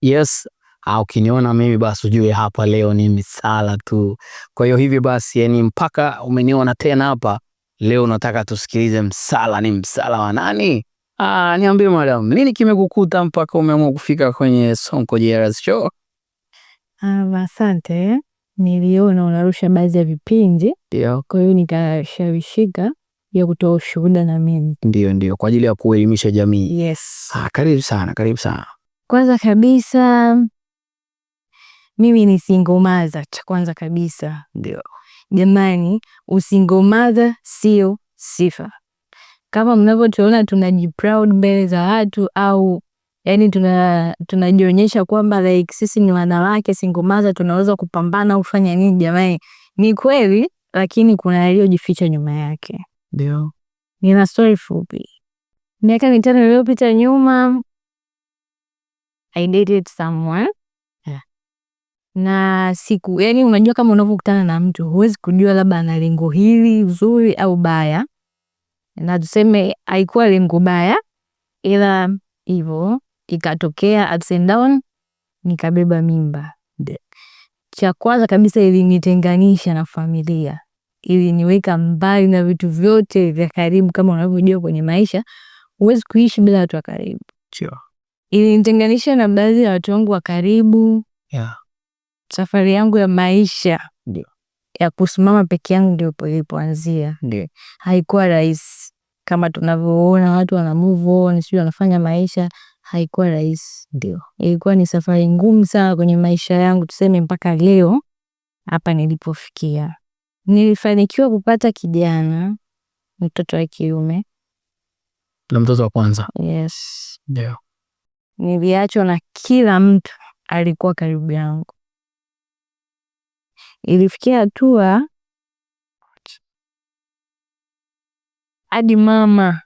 Yes, ah, ukiniona mimi basi ujue hapa leo ni misala tu. Kwa hiyo hivi basi, yani mpaka umeniona tena hapa leo, nataka tusikilize msala. Ni msala wa nani? Ah, niambie madam, nini kimekukuta mpaka umeamua kufika kwenye Sonko JRS Show? Ah, asante. Niliona unarusha baadhi ya vipindi, ndio, kwa hiyo nikashawishika ya kutoa ushuhuda na mimi. Ndio, ndio, kwa ajili ya kuelimisha jamii. Yes. Ah, karibu sana, karibu sana. Kwanza kabisa mimi ni single mother, cha kwanza kabisa ndio. Jamani, usingomadha sio sifa kama mnavyotuona tunajiproud mbele za watu au yani tunajionyesha tuna kwamba like sisi ni wanawake mother tunaweza kupambana au kufanya nini. Jamani, ni kweli, lakini kuna yaliyojificha nyuma yake. Ndio, nina stori fupi. Miaka mitano iliyopita nyuma I dated someone yeah. Na siku yani, unajua kama unavyokutana na mtu huwezi kujua labda ana lengo hili zuri au baya, na tuseme haikuwa lengo baya, ila hivyo ikatokea ups and down, nikabeba mimba. Cha kwanza kabisa ilinitenganisha na familia, iliniweka mbali na vitu vyote vya karibu. Kama unavyojua kwenye maisha huwezi kuishi bila watu wa karibu sure ilinitenganisha na baadhi ya watu wangu wa karibu yeah. Safari yangu ya maisha Ndio. ya kusimama peke yangu ndio ilipoanzia. Haikuwa rahisi kama tunavyoona watu wana move on, sijui wanafanya maisha. Haikuwa rahisi, ndio ilikuwa ni safari ngumu sana kwenye maisha yangu, tuseme mpaka leo hapa nilipofikia. Nilifanikiwa kupata kijana, mtoto wa kiume na mtoto wa kwanza. Yes, ndio niliachwa na kila mtu alikuwa karibu yangu. Ilifikia hatua hadi mama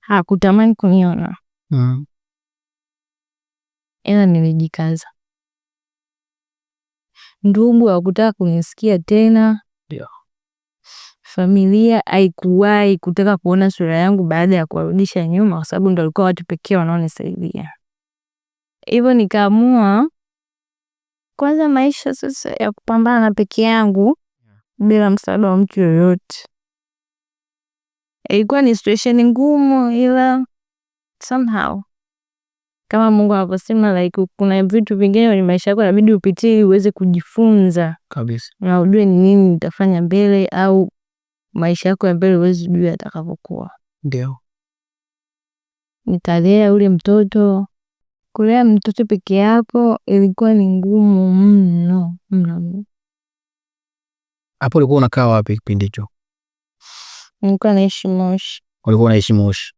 hakutamani kuniona mm. Ila nilijikaza. Ndugu hakutaka kunisikia tena, yeah familia haikuwahi kutaka kuona sura yangu baada ya kuwarudisha nyuma, kwa sababu ndo walikuwa watu pekee wanaonisaidia. Hivyo nikaamua kwanza, maisha sasa ya kupambana na peke yangu bila msaada wa mtu yoyote. Ilikuwa ni situation ngumu, ila somehow kama Mungu anavyosema like, kuna vitu vingine kwenye maisha yako inabidi upitie ili uweze kujifunza kabisa na ujue ni nini nitafanya mbele, au maisha yako ya mbele huwezi jua atakavyokuwa. Ndio nitalea ule mtoto. Kulea mtoto peke yako ilikuwa ni ngumu mno mno. Hapo ulikuwa unakaa wapi kipindi hicho? Nilikuwa naishi Moshi. Ulikuwa unaishi Moshi.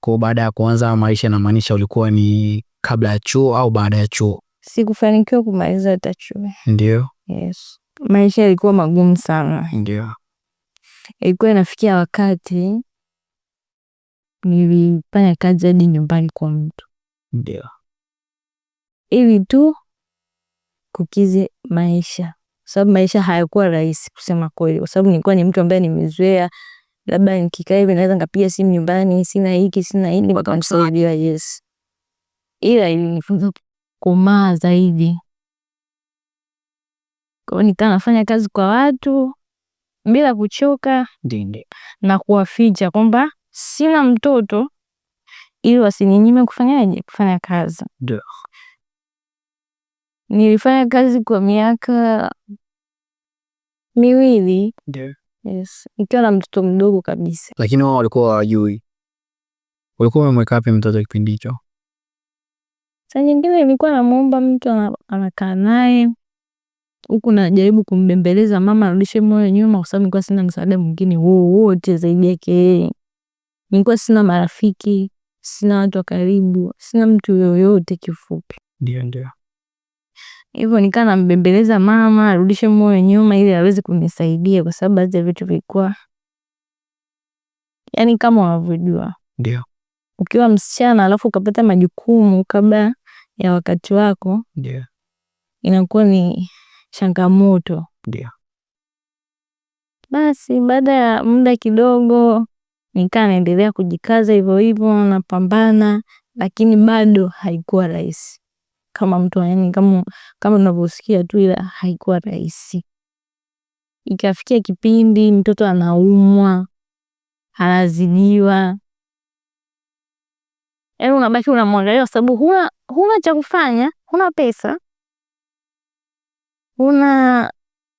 Kwa baada ya kuanza maisha, namaanisha ulikuwa ni kabla ya chuo au baada ya chuo? Sikufanikiwa kumaliza hata chuo. Ndio. Yes, maisha yalikuwa magumu sana. Ndio. Ilikuwa inafikia wakati nilifanya kazi hadi nyumbani kwa mtu, ndio ili tu kukize maisha, kwasababu maisha hayakuwa rahisi kusema kweli, kwasababu nilikuwa ni mtu ambaye nimezoea labda nikikaa hivi naweza nikapiga simu nyumbani, sina hiki sina hili, watu yes, ila ilinifunza kukomaa zaidi, kwao, nikaa nafanya kazi kwa watu bila kuchoka ndindi na kuwaficha kwamba sina mtoto ili wasininyime kufanyaje kufanya kazi. Ndio. Nilifanya kazi kwa miaka miwili. Ndio. Yes, nikiwa na mtoto mdogo kabisa. Lakini wao walikuwa hawajui. Walikuwa wamemweka wapi mtoto kipindi hicho? Saa nyingine nilikuwa namwomba mtu anakaa naye huku najaribu kumbembeleza mama arudishe moyo nyuma, kwa sababu nilikuwa sina msaada mwingine wowote zaidi yake yeye. Nilikuwa sina marafiki, sina watu wa karibu, sina mtu yoyote kifupi. Ndio, ndio hivyo nikaa nambembeleza mama arudishe moyo nyuma ili aweze kunisaidia, kwa sababu baadhi ya vitu vilikuwa yani kama unavyojua ndio ukiwa msichana alafu ukapata majukumu kabla ya wakati wako ndio inakuwa ni changamoto. Ndio. Basi baada ya muda kidogo nikaa naendelea kujikaza hivyo hivyo, napambana, lakini bado haikuwa rahisi kama mtu yani, kama kama unavyosikia tu, ila haikuwa rahisi. Ikafikia kipindi mtoto anaumwa, anazidiwa, yani unabaki unamwangalia, kwa sababu huna huna cha kufanya, huna pesa, huna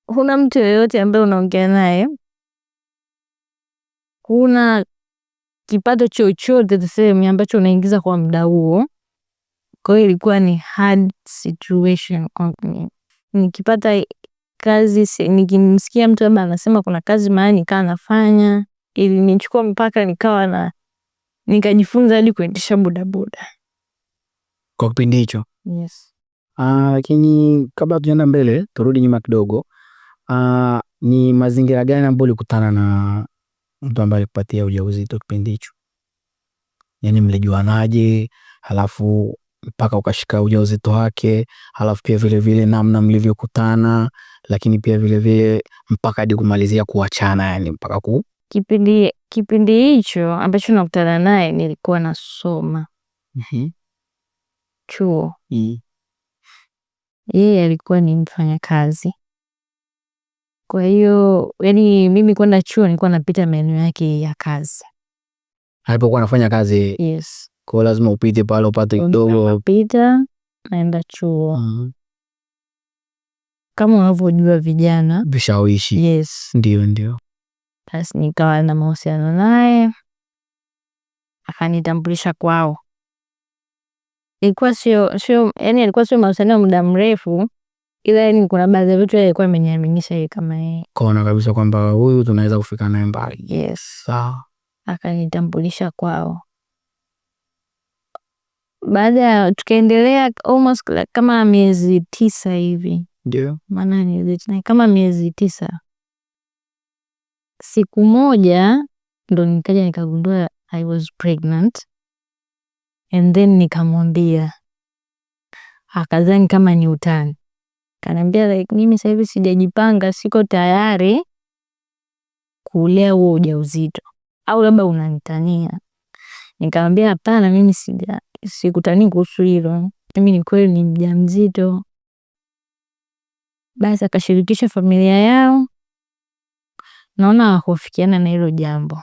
huna mtu yoyote ambaye unaongea naye, huna kipato chochote tuseme ambacho unaingiza kwa muda huo. Kwa hiyo ilikuwa ni hard situation kwangu Nikipata kazi, nikimsikia mtu labda anasema kuna kazi maani nikawa nafanya, ili nichukua mpaka nikawa na nikajifunza hadi kuendesha bodaboda kwa kipindi hicho. Yes. Ah, lakini kabla tujaenda mbele turudi nyuma kidogo. Ah, ni mazingira gani ambayo ulikutana na mtu ambaye alikupatia ujauzito kipindi hicho? Yaani mlijuanaje? Halafu mpaka ukashika ujauzito wake, halafu pia vile vile namna mlivyokutana, lakini pia vile vile mpaka hadi kumalizia kuachana yani mpaka ku Kipindi kipindi hicho ambacho nakutana naye nilikuwa nasoma. Mhm. Chuo. Mhm yeye alikuwa ni mfanyakazi. Kwa hiyo yani mimi kwenda chuo nilikuwa napita maeneo yake ya kazi alipokuwa anafanya kazi. Yes. Kwa lazima upite pale upate kidogo, napita naenda chuo mm. Kama unavyojua vijana vishawishi. Yes. Ndio, ndio. Basi nikawa na mahusiano naye akanitambulisha kwao ilikuwa sio sio, yani alikuwa sio mahusiano ya muda mrefu, ila yani kuna baadhi ya vitu alikuwa ameniaminisha yeye kama yeye kaona kabisa kwamba huyu tunaweza kufika naye mbali. Yes, sawa. Akanitambulisha kwao. Baada ya tukaendelea almost kama miezi tisa hivi, ndio maana kama miezi tisa, siku moja ndo nikaja nikagundua I was pregnant and then nikamwambia, akadhani ah, kama ni utani, kanambia like mimi sasa hivi sijajipanga, siko tayari kulea huo ujauzito, au labda unanitania. Nikamwambia hapana, mimi sija sikutanii kuhusu hilo, mimi ni kweli ni mjamzito. Basi akashirikisha familia yao, naona wakufikiana na hilo jambo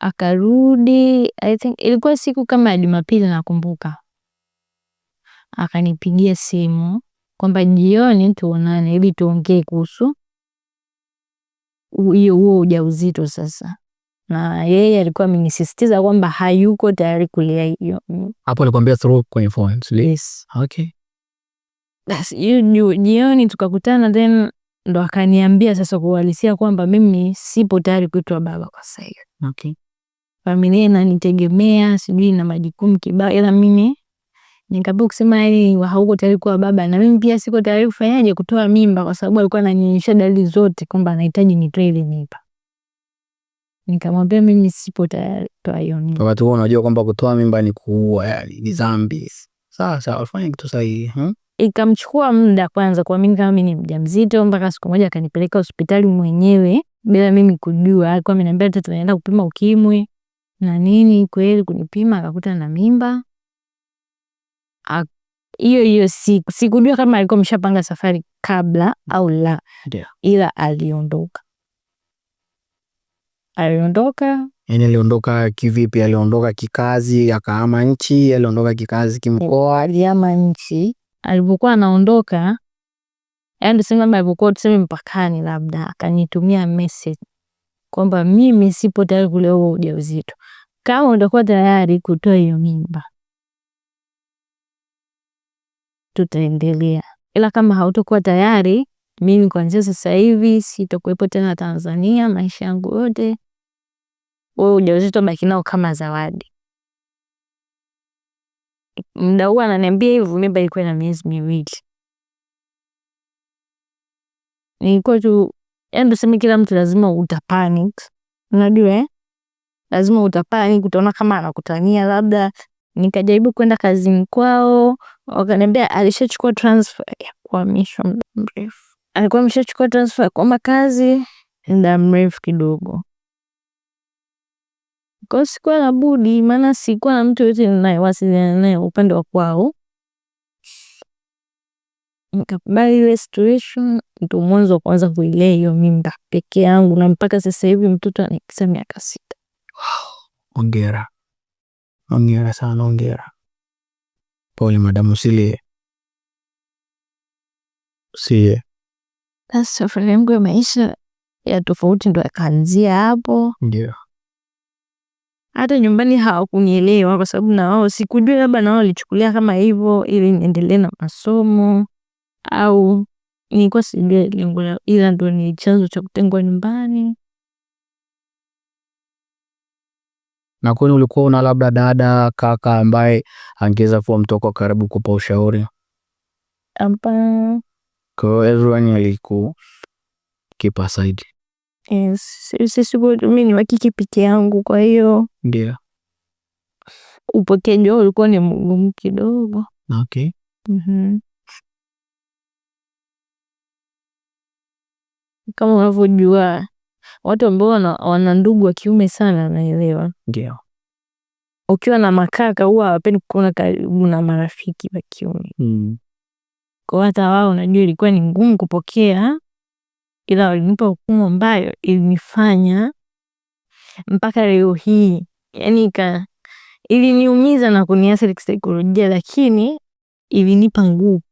akarudi I think ilikuwa siku kama ya Jumapili nakumbuka, akanipigia simu kwamba jioni tuonane ili tuongee kuhusu hiyo huo ujauzito sasa, na yeye alikuwa amenisisitiza kwamba hayuko tayari kulea hiyo. Hapo alikwambia through kwenye phone? Yes. Okay. Jioni tukakutana then ndo akaniambia sasa kuhalisia kwamba mimi sipo tayari kuitwa baba kwa sasa Okay familia inanitegemea, sijui na majukumu kibao, ila mimi nikaambiwa kusema yaani hauko tayari kuwa baba, na mimi pia siko tayari kufanyaje, kutoa mimba, kwa sababu alikuwa ananionyesha dalili zote kwamba anahitaji nitoe ile mimba. Nikamwambia mimi sipo tayari kutoa hiyo mimba. Wakati huo unajua kwamba kutoa mimba ni kuua, yani ni dhambi. sawa, wafanye kitu sahihi. Hmm? Ikamchukua muda kwanza kuamini kama mimi ni mjamzito, mpaka siku moja akanipeleka hospitali mwenyewe bila mimi kujua. Alikuwa ameniambia tutaenda kupima ukimwi na nini kweli kunipima akakuta na mimba hiyo hiyo siku. Sikujua kama alikuwa ameshapanga safari kabla au la, ila aliondoka. Aliondoka yani, aliondoka kivipi? Aliondoka kikazi, akaama nchi? Aliondoka kikazi, kimkoa? aliama nchi. Alipokuwa anaondoka, yani tuseme kama alipokuwa tuseme mpakani, labda akanitumia message kwamba mimi sipo tayari kulea huo ujauzito kama utakuwa tayari kutoa hiyo mimba tutaendelea, ila kama hautakuwa tayari, mimi kuanzia sasa hivi sitokuwepo tena Tanzania maisha yangu yote. Wewe ujauzito baki nao kama zawadi. mda huu ananiambia hivyo, mimba ilikuwa na miezi miwili. Nilikuwa tu yani, tuseme kila mtu lazima uta panic, unajua eh? lazima utapaa utapani utaona kama anakutania labda. Nikajaribu kwenda kazini kwao, wakaniambia alishachukua transfer ya kuhamishwa muda mrefu, alikuwa ameshachukua transfer ya kuhama kazi muda mrefu kidogo. Kwa sikuwa na budi, maana sikuwa na mtu yote ninayewasiliana naye upande wa kwao. Nikakubali ile situation, ndo mwanzo wa kuanza kuilea hiyo mimba peke yangu, na mpaka sasa hivi mtoto anaikisa miaka sita ongera ongera sana, ongera Pole madamu, silie sie Basi safari yangu ya maisha ya tofauti ndo akaanzia hapo. Ndio hata nyumbani hawakunielewa kwa sababu na wao sikujua, labda na wao walichukulia kama hivyo ili niendelee na masomo au nilikuwa sijui lengo, ila ndo ni chanzo cha kutengwa nyumbani. na kwani ulikuwa una labda dada kaka ambaye angeweza kuwa mtoko karibu kupa ushauri? Hapana. Kwa hiyo alikukipa side. Yes, sisi mimi ni wakike peke yangu, kwa hiyo ndio upokeaji wao ulikuwa ni mgumu kidogo. Okay. mm Kama unavyojua watu ambao wana ndugu wa kiume sana naelewa. Ndio. Ukiwa na makaka huwa hawapendi kuona karibu na marafiki wa kiume. Mm. Kwa hata wao najua ilikuwa ni ngumu kupokea, ila walinipa hukumu ambayo ilinifanya mpaka leo hii yani ka iliniumiza na kuniathiri kisaikolojia, lakini ilinipa nguvu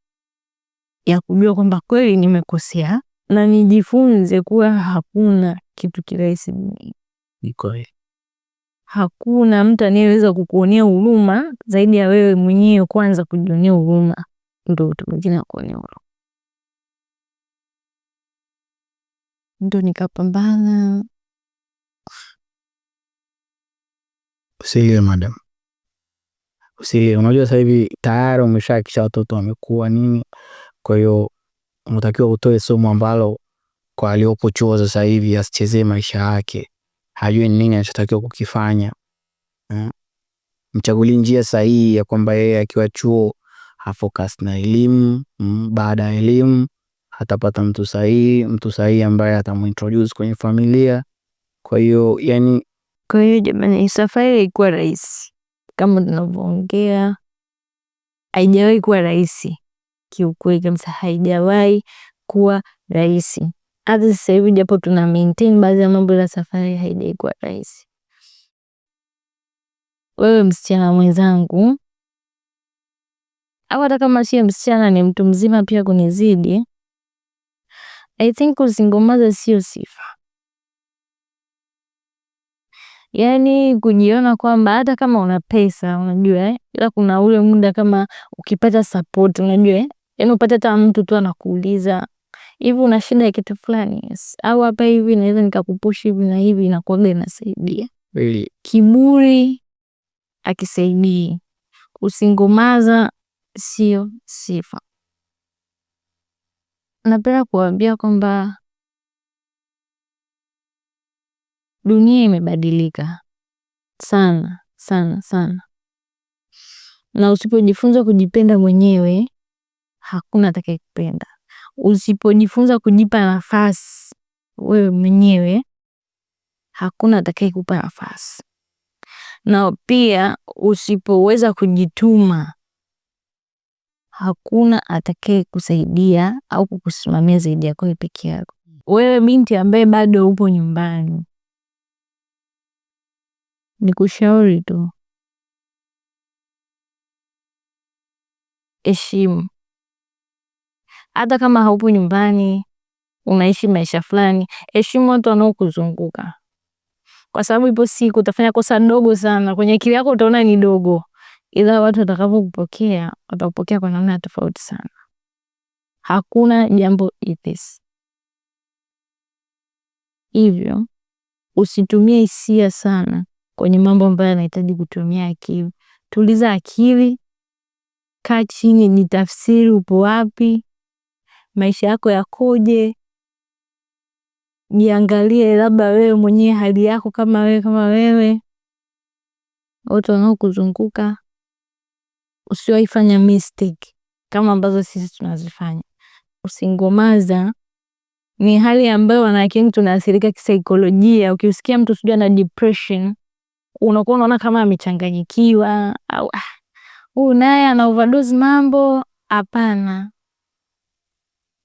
ya kujua kwamba kweli nimekosea na nijifunze kuwa hakuna kitu kirahisi. Hakuna mtu anayeweza kukuonea huruma zaidi ya wewe mwenyewe, kwanza kujionea huruma ndo mtu mwingine akuonea huruma. Ndo nikapambana Usilie madam, usilie. Unajua sasa hivi tayari akisha watoto wamekuwa nini, kwa hiyo unatakiwa utoe somo ambalo kwa aliopo chuo sasa hivi asichezee maisha yake, hajui nini anachotakiwa kukifanya. Eh? Mchagulie njia sahihi ya kwamba yeye akiwa chuo afokas na elimu. Mm, baada ya elimu atapata mtu sahihi, mtu sahihi ambaye atamintroduce kwenye familia. Kwa hiyo yani, kwa hiyo jamani, safari haikuwa rahisi kama tunavyoongea, haijawahi kuwa rahisi kiukweli kabisa, haijawahi kuwa rahisi hata sasa hivi japo tuna maintain baadhi ya mambo, la safari haijaikuwa rahisi. Wewe msichana mwenzangu, au hata kama sie msichana, ni mtu mzima pia kunizidi. I think kuzingomaza sio sifa, yaani kujiona kwamba hata kama una pesa unajua eh? Ila kuna ule muda kama ukipata support unajua eh? Yaani hata mtu tu anakuuliza hivi una shida ya kitu fulani yes, au hapa hivi naweza nikakupushi hivi na hivi, inakuaga inasaidia really. Kiburi akisaidii, usingomaza sio sifa. Napenda kuwaambia kwamba dunia imebadilika sana sana sana, na usipojifunza kujipenda mwenyewe hakuna atakayekupenda. Usiponifunza kunipa nafasi wewe mwenyewe, hakuna atakaye kupa nafasi. Na pia usipoweza kujituma, hakuna atakaye kusaidia au kukusimamia zaidi yako peke yako. Wewe binti ambaye bado upo nyumbani, nikushauri tu, heshimu hata kama haupo nyumbani, unaishi maisha fulani, heshimu watu wanaokuzunguka, kwa sababu ipo siku utafanya kosa dogo sana, kwenye akili yako utaona ni dogo, ila watu watakavyokupokea watakupokea kwa namna tofauti sana. Hakuna jambo ithis. hivyo usitumie hisia sana kwenye mambo ambayo yanahitaji kutumia akili. Tuliza akili, kaa chini, jitafsiri, upo wapi, maisha yako yakoje, jiangalie labda wewe mwenyewe hali yako, kama wewe kama wewe watu wanaokuzunguka, usiwaifanya mistake kama ambazo sisi tunazifanya. Usingomaza ni hali ambayo wanawake wengi tunaathirika kisaikolojia. Ukisikia mtu sijui ana depression, unakuwa unaona kama amechanganyikiwa au ah, huyu naye ana overdose mambo. Hapana,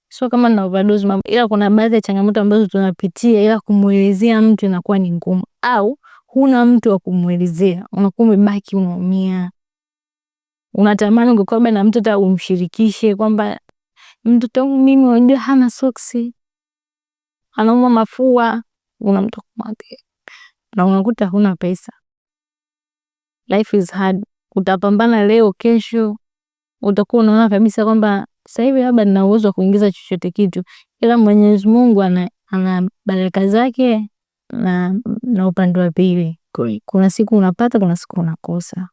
sio kama na overdose mambo, ila kuna baadhi ya changamoto ambazo tunapitia, ila kumwelezea mtu inakuwa ni ngumu, au huna mtu wa kumwelezea, unakuwa umebaki unaumia. Unatamani ungekuwa na mtu hata umshirikishe kwamba mtoto wangu mimi unajua hana soksi, anauma mafua, una mtu kumwambia, na unakuta huna pesa. Life is hard, utapambana leo, kesho utakuwa unaona kabisa kwamba sasa hivi labda nina uwezo wa kuingiza chochote kitu, ila Mwenyezi Mungu ana, ana baraka zake na, na upande wa pili. Kuna siku unapata, kuna siku unakosa.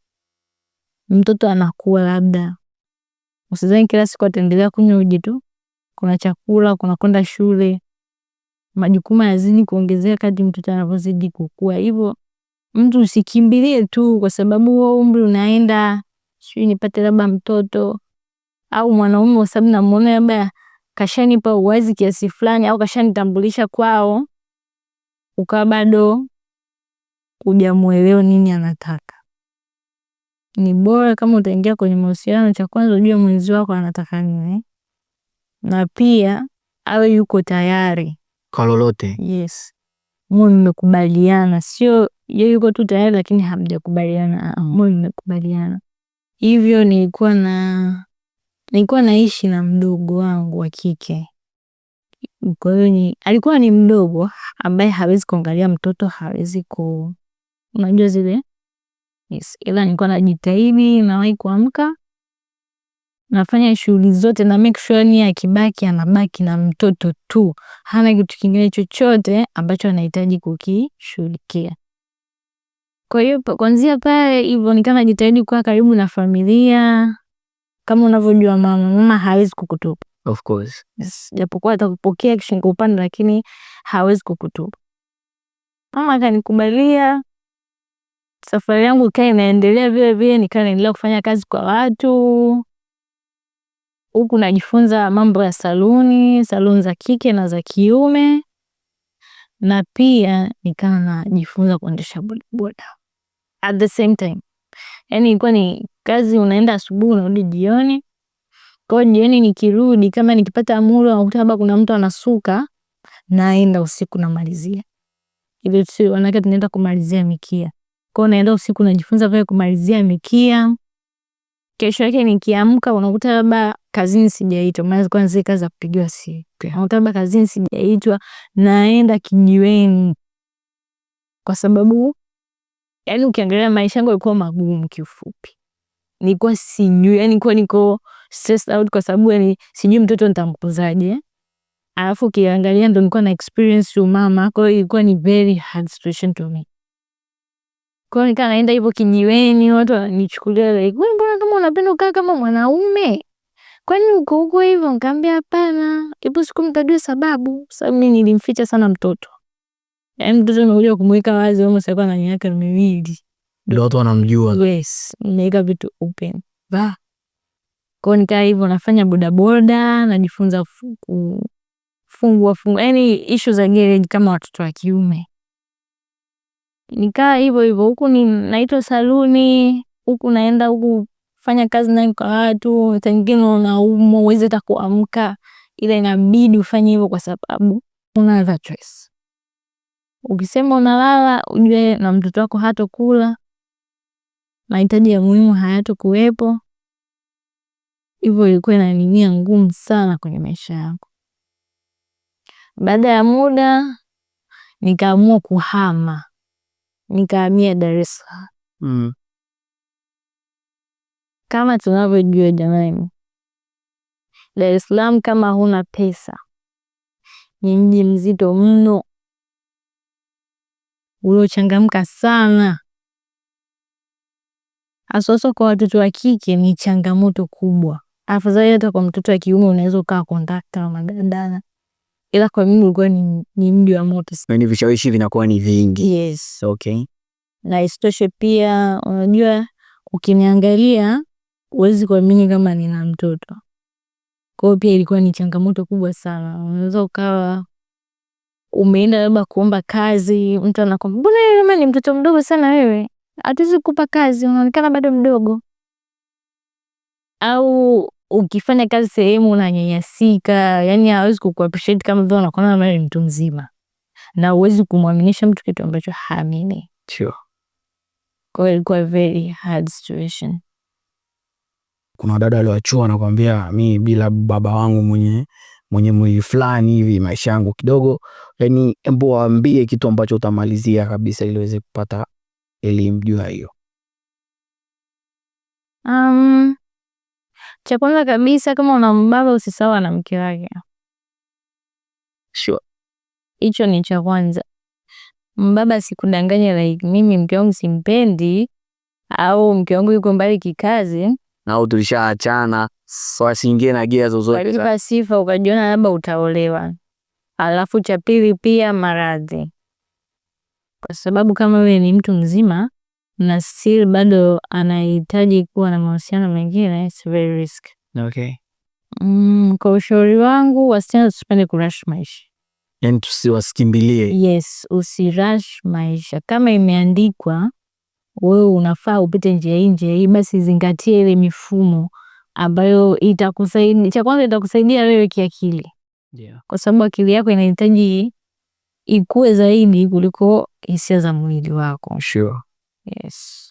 Mtoto anakuwa labda, usizani kila siku ataendelea kunywa uji tu. Kuna chakula, kuna kwenda shule, majukumu yazini kuongezea kadri mtoto anavyozidi kukua. Hivyo mtu usikimbilie tu kwa sababu huo umri unaenda, sijui nipate labda mtoto au mwanaume kwa sababu namuona labda kashanipa uwazi kiasi fulani au kashanitambulisha kwao, ukawa bado hujamuelewa nini anataka. Ni bora kama utaingia kwenye mahusiano, cha kwanza ujue mwenzi wako anataka nini, na pia awe yuko tayari kwa lolote. Yes, mwe mmekubaliana, sio ye yuko tu tayari lakini hamjakubaliana, Mwe mmekubaliana. Hivyo nilikuwa na Nilikuwa naishi na mdogo wangu wa kike, kwa hiyo alikuwa ni mdogo ambaye hawezi kuangalia mtoto hawezi ku unajua zile ila nilikuwa najitahidi nawahi kuamka nafanya shughuli zote na make sure ni akibaki anabaki na mtoto tu hana kitu kingine chochote ambacho anahitaji kukishughulikia. Kwa hiyo kuanzia pale hivo nikaa najitahidi kuwa karibu na familia kama unavyojua mama, mama hawezi kukutupa of course. Yes, japokuwa atakupokea kishingo upande, lakini hawezi kukutupa. Mama akanikubalia, safari yangu ikawa inaendelea vile vile, nikawa naendelea kufanya kazi kwa watu huku najifunza mambo ya saluni, saluni za kike na za kiume, na pia nikawa najifunza kuendesha bodaboda at the same time. Yani ilikuwa ni kazi unaenda asubuhi unarudi jioni. Kwa hiyo jioni nikirudi kama nikipata muda nakuta labda kuna mtu anasuka naenda usiku namalizia. Hivyo sisi wanawake tunaenda kumalizia mikia. Kwa hiyo naenda usiku najifunza pale kumalizia mikia. Kesho yake nikiamka unakuta labda kazini sijaitwa maana kwanza zile kazi za kupigiwa siitwi. Unakuta labda kazini sijaitwa naenda kijiweni. Kwa sababu yani, ukiangalia maisha yangu yalikuwa magumu kiufupi nilikuwa sijui, yani nilikuwa niko stressed out kwa sababu yani sijui mtoto nitamkuzaje. Alafu kiangalia ndo nilikuwa na experience umama, kwa hiyo ilikuwa ni very hard situation to me. Kwa hiyo nikaa naenda hivyo kijiweni, watu wananichukulia like, wewe mbona kama unapenda kukaa kama mwanaume, kwani uko huko hivyo? Nikaambia hapana, ipo siku mtajua sababu, sababu mimi nilimficha sana mtoto, yaani mtoto nimekuja kumweka wazi almost alikuwa na miaka miwili ndio watu wanamjua. Yes, naweka vitu open. Ba. kwao, nikaa hivyo nafanya bodaboda, najifunza kufungua fungua, yani ishu za gereji kama watoto wa kiume. Nikaa hivyo hivyo, huku ni naitwa saluni, huku naenda huku fanya kazi nayo kwa watu, tangine nyingine unaumwa uwezi hata kuamka, ila inabidi ufanye hivyo kwa sababu una other choice. Ukisema unalala ujue na mtoto wako hatokula, mahitaji ya muhimu hayatokuwepo, hivyo ilikuwa inaninia ngumu sana kwenye maisha yangu. Baada ya muda nikaamua kuhama, nikahamia Dar es Salaam mm. Kama tunavyojua jamani, Dar es Salaam kama huna pesa ni mji mzito mno uliochangamka sana haswahaswa kwa watoto wa kike ni changamoto kubwa. Afadhali hata kwa mtoto wa kiume unaweza ukawa kondakta wa madadala, ila kwa mimi ulikuwa ni, ni mji wa moto, ni vishawishi vinakuwa ni vingi. Yes. Okay. Na isitoshe pia unajua, ukiniangalia huwezi kuamini kama nina mtoto, kwa pia ilikuwa ni changamoto kubwa sana. Unaweza ukawa umeenda labda kuomba kazi, mtu anakwambia mbona ni mtoto mdogo sana wewe hatuwezi kukupa kazi, unaonekana bado mdogo. Au ukifanya kazi sehemu unanyanyasika, yani hawezi kukuappreciate kama vile unakuona wewe ni mtu mzima, na uwezi kumwaminisha mtu kitu ambacho haamini. Sure. Kwa hiyo ilikuwa very hard situation. Kuna wadada walioachua wanakwambia, mi bila baba wangu mwenye mwenye mwili fulani hivi maisha yangu kidogo, yani embo waambie kitu ambacho utamalizia kabisa ili uweze kupata Nilimjua hiyo? Um, cha kwanza kabisa kama una mbaba usisahau ana mke wake. Sure. Hicho ni cha kwanza. Mbaba sikudanganya, like mimi mke wangu simpendi au mke wangu yuko mbali kikazi au tulishaachana, so asiingie na gia zozote. Sifa ukajiona labda utaolewa. Alafu cha pili pia maradhi kwa sababu kama wewe ni mtu mzima na still bado anahitaji kuwa na mahusiano mengine, it's very risk. Okay. Mm, kwa ushauri wangu wasichana tusipende kurash maisha, yani tusiwasikimbilie. Yes, usirash maisha. Kama imeandikwa wewe unafaa upite njia hii njia hii, basi zingatie ile mifumo ambayo itakusaidia. Cha kwanza itakusaidia wewe kiakili, yeah. Kwa sababu akili yako inahitaji ikue zaidi kuliko hisia za mwili wako. Sure. Yes.